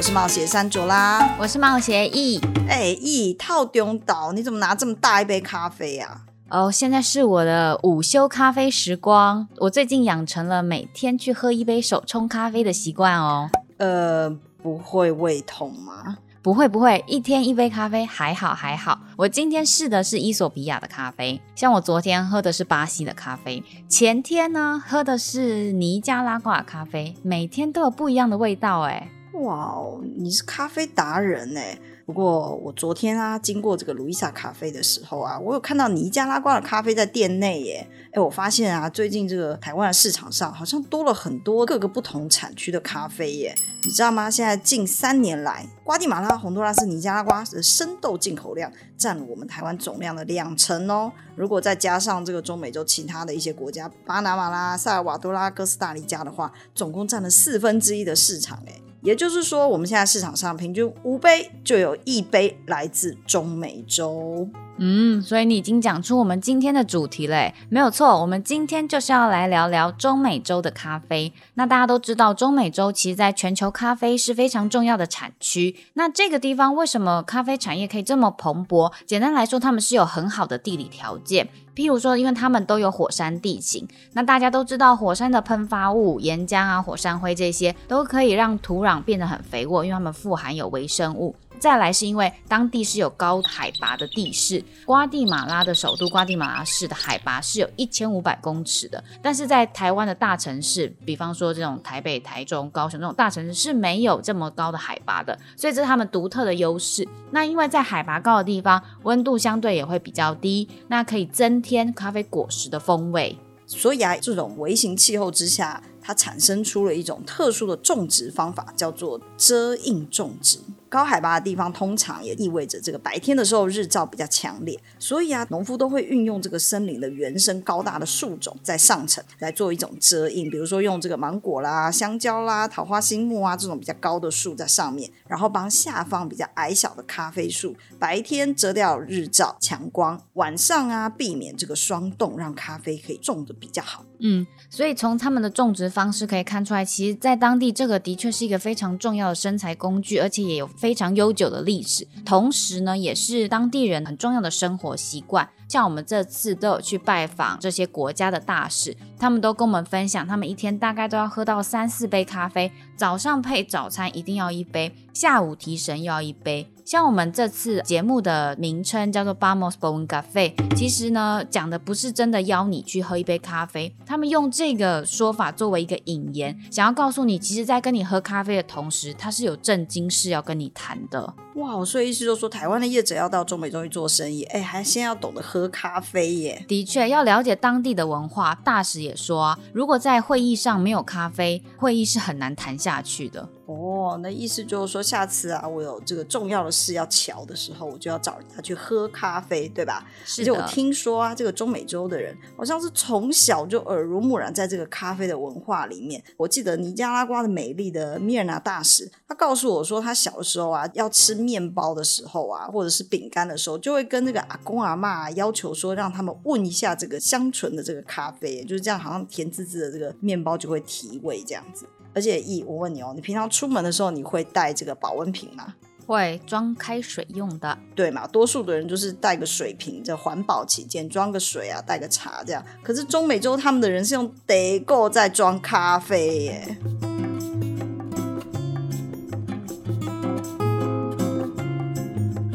我是貿協珊卓拉，我是貿協 E，哎 E 透中晝，你怎麼拿這麼大一杯咖啡啊？哦，現在是我的午休咖啡時光。我最近養成了每天去喝一杯手沖咖啡的習慣哦。呃，不會胃痛嗎？不會不會，一天一杯咖啡，還好還好。我今天試的是伊索比亞的咖啡，像我昨天喝的是巴西的咖啡，前天呢喝的是尼加拉瓜咖啡，每天都有不一樣的味道哎。哇哦，你是咖啡達人哎！不過我昨天啊，經過這個 Louisa 咖啡的時候啊，我有看到尼加拉瓜的咖啡在店內耶、欸。我發現啊，最近這個台灣的市場上好像多了很多各個不同產區的咖啡耶。你知道嗎？現在近三年來，瓜地馬拉、洪都拉斯、尼加拉瓜的生豆進口量佔了我們台灣總量的兩成哦、喔。如果再加上這個中美洲其他的一些國家，巴拿馬啦、薩爾瓦多拉、哥斯達黎加的話，總共佔了四分之一的市場。也就是說，我們現在市場上平均五杯就有一杯來自中美洲。嗯，所以你已經講出我們今天的主題了。沒有錯，我們今天就是要來聊聊中美洲的咖啡。那大家都知道，中美洲其實在全球咖啡是非常重要的產區。那這個地方為什麼咖啡產業可以這麼蓬勃？簡單來說，他們是有很好的地理條件。譬如說，因為他們都有火山地形。那大家都知道，火山的噴發物、岩漿啊、火山灰這些，都可以讓土壤變得很肥沃，因為它們富含有微生物。再來是因為當地是有高海拔的地勢，瓜地馬拉的首都瓜地馬拉市的海拔是有一千五百公尺的，但是在台灣的大城市，比方說這種台北、台中、高雄這種大城市是沒有這麼高的海拔的，所以這是他們獨特的優勢。那因為在海拔高的地方，溫度相對也會比較低，那可以增添咖啡果實的風味。所以啊，這種微型氣候之下，它產生出了一種特殊的種植方法，叫做遮蔭種植。高海拔的地方通常也意味着這個白天的時候日照比較強烈，所以啊，農夫都會運用這個森林的原生高大的樹種在上層來做一種遮蔭，比如說用這個芒果啦、香蕉啦、桃花心木啊這種比較高的樹在上面，然後幫下方比較矮小的咖啡樹白天遮掉日照強光，晚上啊避免這個霜凍，讓咖啡可以種得比較好。嗯，所以從他們的種植方式可以看出來，其實，在當地這個的確是一個非常重要的生財工具，而且也有。非常悠久的歷史，同時呢，也是當地人很重要的生活習慣。像我們這次都有去拜訪這些國家的大使，他們都跟我們分享，他們一天大概都要喝到三四杯咖啡，早上配早餐一定要一杯，下午提神又要一杯。像我們這次節目的名稱叫做 Bamos Poin Cafe，其實呢，講的不是真的邀你去喝一杯咖啡，他們用這個說法作為一個引言，想要告訴你，其實，在跟你喝咖啡的同時，他是有正經事要跟你談的。哇，所以意思就是說台灣的業者要到中美洲去做生意，哎，還先要懂得喝咖啡耶。的確，要了解當地的文化。大使也說、啊，如果在會議上沒有咖啡，會議是很難談下去的。哦，那意思就是說，下次啊，我有這個重要的事要瞧的時候，我就要找他去喝咖啡，對吧？就我聽說啊，這個中美洲的人好像是從小就耳濡目染在這個咖啡的文化裡面。我記得尼加拉瓜的美麗的米爾納大使，他告訴我說，他小時候啊，要吃麵包的時候啊，或者是餅乾的時候，就會跟那個阿公阿嬤、啊、要求說，讓他們聞一下這個香醇的這個咖啡，就是這樣，好像甜滋滋的這個麵包就會提味這樣子。而且，咦，我問你哦，你平常出門的時候，你會帶這個保溫瓶嗎？會裝開水用的，對嘛？多數的人就是帶個水瓶，這環保起見，裝個水啊，帶個茶這樣。可是中美洲他們的人是用 dego 在裝咖啡耶。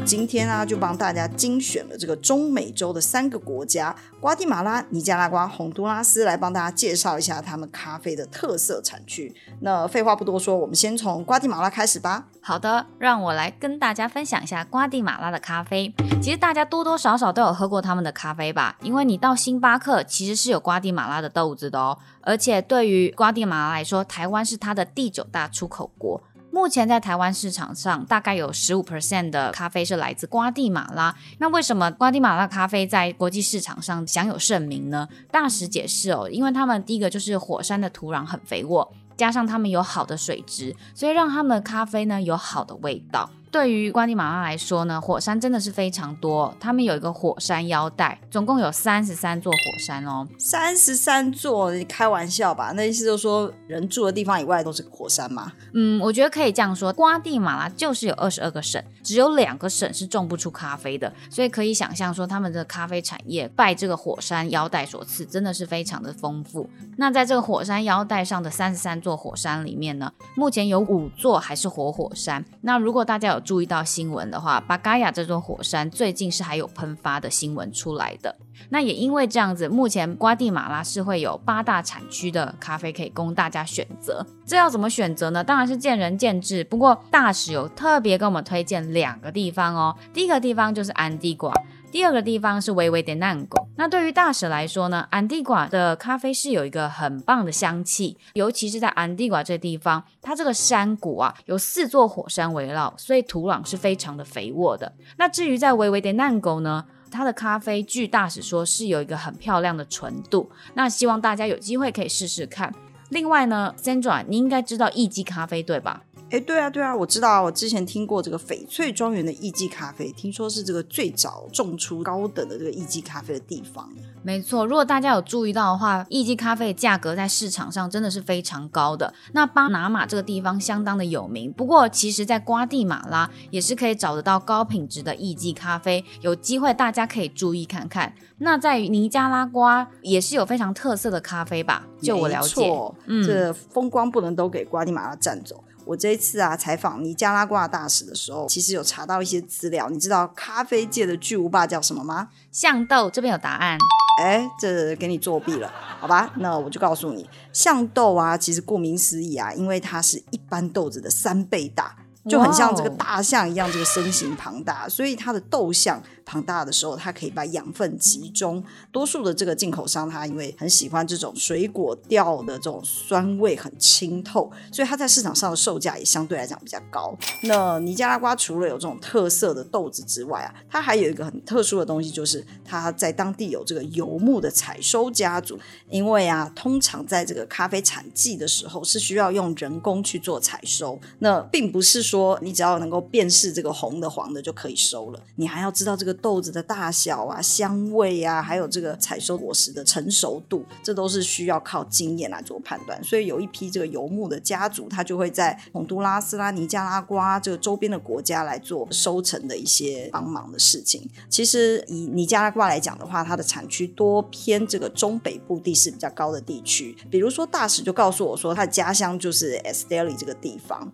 今天啊，就幫大家精選了這個中美洲的三個國家——瓜地馬拉、尼加拉瓜、洪都拉斯，來幫大家介紹一下他們咖啡的特色產區。那廢話不多說，我們先從瓜地馬拉開始吧。好的，讓我來跟大家分享一下瓜地馬拉的咖啡。其實大家多多少少都有喝過他們的咖啡吧？因為你到星巴克，其實是有瓜地馬拉的豆子的哦。而且對於瓜地馬拉來說，台灣是它的第九大出口國。目前在台灣市場上，大概有十五 percent 的咖啡是來自瓜地馬拉。那為什麼瓜地馬拉咖啡在國際市場上享有盛名呢？大使解釋哦，因為他們第一個就是火山的土壤很肥沃，加上他們有好的水質，所以讓他們的咖啡呢有好的味道。對於瓜地馬拉來說呢，火山真的是非常多，他們有一個火山腰帶，總共有三十三座火山哦，三十三座，你開玩笑吧？那意思就是說人住的地方以外都是火山嗎？嗯，我覺得可以這樣說，瓜地馬拉就是有二十二個省，只有兩個省是種不出咖啡的，所以可以想象說他們的咖啡產業拜這個火山腰帶所賜，真的是非常的豐富。那在這個火山腰帶上的三十三座火山裡面呢，目前有五座還是活火，火山。那如果大家有注意到新聞的話，巴嘎亞這座火山最近是還有噴發的新聞出來的。那也因為這樣子，目前瓜地馬拉是會有八大產區的咖啡可以供大家選擇。這要怎麼選擇呢？當然是見仁見智。不過大使有特別跟我們推薦兩個地方哦。第一個地方就是安地瓜。第二個地方是薇薇特南果。那對於大使來說呢，安地瓜的咖啡是有一個很棒的香氣，尤其是在安地瓜這地方，它這個山谷啊有四座火山圍繞，所以土壤是非常的肥沃的。那至於在薇薇特南果呢，它的咖啡據大使說是有一個很漂亮的純度。那希望大家有機會可以試試看。另外呢，Sandra，你應該知道藝妓咖啡，對吧？哎，對啊，對啊，我知道啊，我之前聽過這個翡翠莊園的藝妓咖啡，聽說是這個最早種出高等的這個藝妓咖啡的地方。沒錯，如果大家有注意到的話，藝妓咖啡的價格在市場上真的是非常高的。那巴拿馬這個地方相當的有名，不過其實，在瓜地馬拉也是可以找得到高品質的藝妓咖啡。有機會大家可以注意看看。那在尼加拉瓜也是有非常特色的咖啡吧？就我了解，沒錯嗯、這個、風光不能都給瓜地馬拉佔走。我這一次啊採訪尼加拉瓜大使的時候，其實有查到一些資料。你知道咖啡界的巨無霸叫什麼嗎？象豆這邊有答案。哎，這給你作弊了，好吧？那我就告訴你，象豆啊，其實顧名思義啊，因為它是一般豆子的三倍大，就很像這個大象一樣，wow，這個身形龐大，所以它的豆象。龐大的時候，它可以把養分集中。多數的這個進口商，他因為很喜歡這種水果調的這種酸味很清透，所以它在市場上的售價也相對來講比較高。那尼加拉瓜除了有這種特色的豆子之外啊，它還有一個很特殊的東西，就是它在當地有這個游牧的採收家族。因為啊，通常在這個咖啡產季的時候，是需要用人工去做採收。那並不是說你只要能夠辨識這個紅的、黃的就可以收了，你還要知道這個。豆子的大小啊、香味呀、啊，還有這個採收果實的成熟度，這都是需要靠經驗來做判斷。所以有一批這個游牧的家族，他就會在洪都拉斯拉、拉尼加拉瓜這個周邊的國家來做收成的一些幫忙的事情。其實以尼加拉瓜來講的話，它的產區多偏這個中北部地勢比較高的地區。比如說大使就告訴我說，他的家鄉就是 Esteli 這個地方。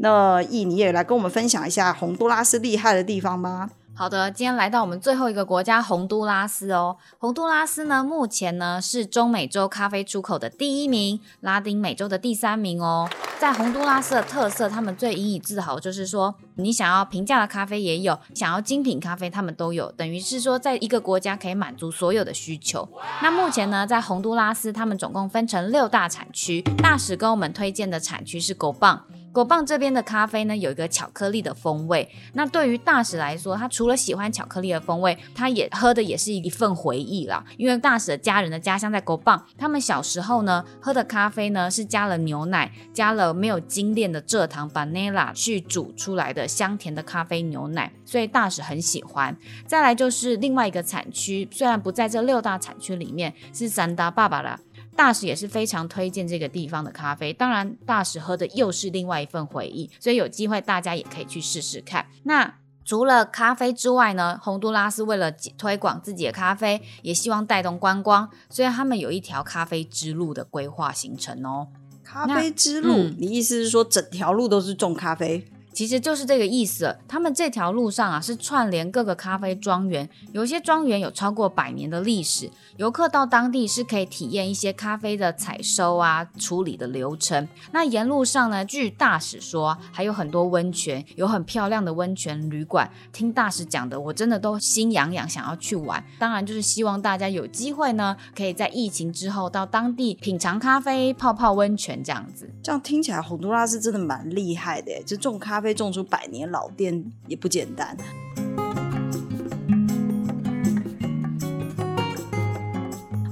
那易，你也來跟我們分享一下洪都拉斯厲害的地方嗎？好的，今天來到我們最後一個國家，洪都拉斯哦。洪都拉斯呢，目前呢，是中美洲咖啡出口的第一名，拉丁美洲的第三名哦。在洪都拉斯的特色，他們最引以自豪就是說，你想要平價的咖啡也有，想要精品咖啡他們都有，等於是說，在一個國家可以滿足所有的需求。那目前呢，在洪都拉斯，他們總共分成六大產區，大使跟我們推薦的產區是狗棒。果棒這邊的咖啡呢，有一個巧克力的風味。那對於大使來說，他除了喜歡巧克力的風味，他也喝的也是一份回憶啦。因為大使的家人的家鄉在果棒，他們小時候呢喝的咖啡呢是加了牛奶，加了沒有精煉的蔗糖，panela 去煮出來的香甜的咖啡牛奶，所以大使很喜歡。再來就是另外一個產區，雖然不在這六大產區裡面，是三大爸爸啦。大使也是非常推薦這個地方的咖啡，當然大使喝的又是另外一份回憶，所以有機會大家也可以去試試看。那除了咖啡之外呢，洪都拉斯為了推廣自己的咖啡，也希望帶動觀光，所以他們有一條咖啡之路的規劃行程哦。咖啡之路，嗯，你意思是說整條路都是種咖啡？其實就是這個意思。他們這條路上啊，是串聯各個咖啡莊園，有些莊園有超過百年的歷史。遊客到當地是可以體驗一些咖啡的採收啊、處理的流程。那沿路上呢，據大使說，還有很多溫泉，有很漂亮的溫泉旅館。聽大使講的，我真的都心癢癢，想要去玩。當然，就是希望大家有機會呢，可以在疫情之後到當地品嘗咖啡，泡泡溫泉這樣子。這樣聽起來，洪都拉斯真的蠻厲害的，就這種咖啡。被種出百年老店也不簡單。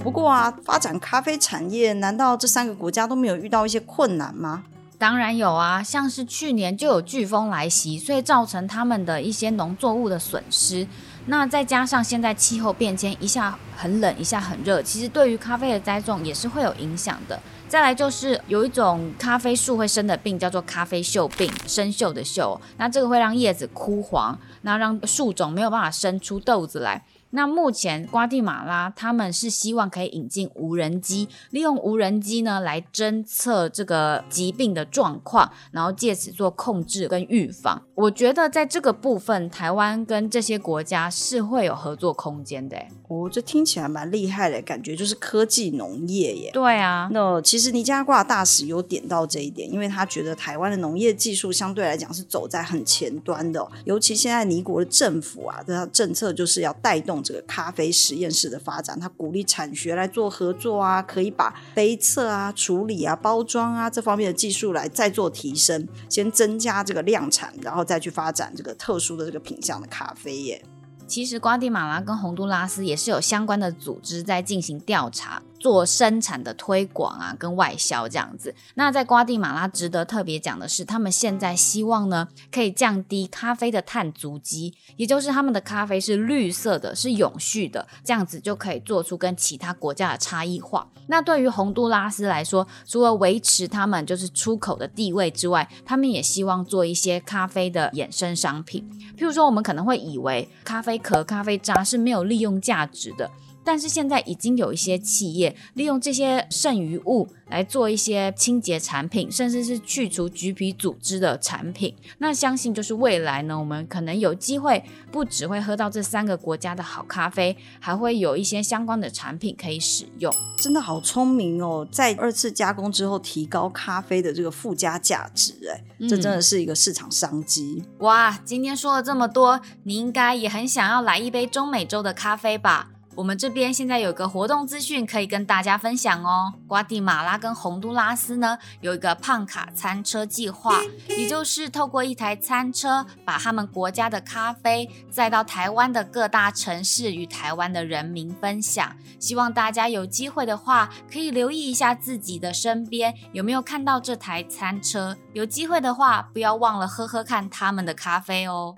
不過啊，發展咖啡產業，難道這三個國家都沒有遇到一些困難嗎？當然有啊，像是去年就有颶風來襲，所以造成他們的一些農作物的損失。那再加上現在氣候變遷，一下很冷，一下很熱，其實對於咖啡的栽種也是會有影響的。再來就是有一種咖啡樹會生的病，叫做咖啡鏽病，生鏽的鏽。那這個會讓葉子枯黃，那讓樹種沒有辦法生出豆子來。那目前瓜地馬拉他們是希望可以引進無人機，利用無人機呢來偵測這個疾病的狀況，然後借此做控制跟預防。我覺得在這個部分，台灣跟這些國家是會有合作空間的。哦，這聽起來蠻厲害的,感覺就是科技農業耶。對啊，那其實尼加拉瓜大使有點到這一點，因為他覺得台灣的農業技術相對來講是走在很前端的，哦。尤其現在尼國的政府啊，這個政策就是要帶動這個咖啡實驗室的發展，他鼓勵產學來做合作啊，可以把杯測啊、處理啊、包裝啊這方面的技術來再做提升，先增加這個量產，然後。再去發展這個特殊的這個品項的咖啡耶。其實，瓜地馬拉跟洪都拉斯也是有相關的組織在進行調查。做生產的推廣啊，跟外銷這樣子。那在瓜地馬拉值得特別講的是，他們現在希望呢，可以降低咖啡的碳足跡，也就是他們的咖啡是綠色的，是永續的，這樣子就可以做出跟其他國家的差異化。那對於洪都拉斯來說，除了維持他們就是出口的地位之外，他們也希望做一些咖啡的衍生商品。譬如說我們可能會以為咖啡殼、咖啡渣是沒有利用價值的。但是現在已經有一些企業利用這些剩餘物來做一些清潔產品，甚至是去除橘皮組織的產品。那相信就是未來呢，我們可能有機會不只會喝到這三個國家的好咖啡，還會有一些相關的產品可以使用。真的好聰明哦，在二次加工之後提高咖啡的這個附加價值，哎，誒，這真的是一個市場商機。嗯。哇，今天說了這麼多，你應該也很想要來一杯中美洲的咖啡吧？我們這邊現在有個活動資訊可以跟大家分享哦。瓜地馬拉跟洪都拉斯呢，有一個胖卡餐車計劃，也就是透過一台餐車把他們國家的咖啡載到台灣的各大城市，與台灣的人民分享。希望大家有機會的話可以留意一下自己的身邊有沒有看到這台餐車，有機會的話不要忘了喝喝看他們的咖啡哦。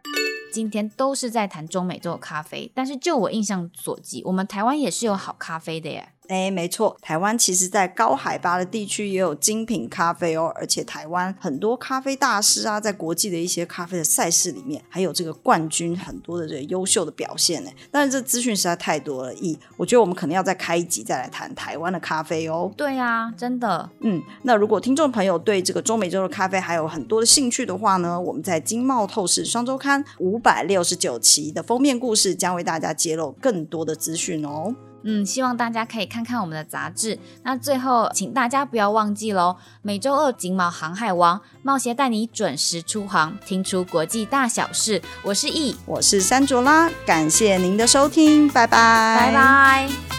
今天都是在談中美洲咖啡，但是就我印象所及，我們台灣也是有好咖啡的耶。哎，沒錯，台灣其實，在高海拔的地區也有精品咖啡哦。而且，台灣很多咖啡大師啊，在國際的一些咖啡的賽事裡面，還有這個冠軍，很多的這個優秀的表現呢。但是，這資訊實在太多了，咦，我覺得我們可能要再開一集再來談台灣的咖啡哦。對啊，真的。嗯，那如果聽眾朋友對這個中美洲的咖啡還有很多的興趣的話呢，我們在《經貿透視雙周刊》五百六十九期的封面故事，將為大家揭露更多的資訊哦。嗯，希望大家可以看看我們的雜誌。那最後，請大家不要忘記嘍，每周二《金毛航海王》冒險帶你準時出航，聽出國際大小事。我是 E，我是山卓拉，感謝您的收聽，拜拜，拜拜。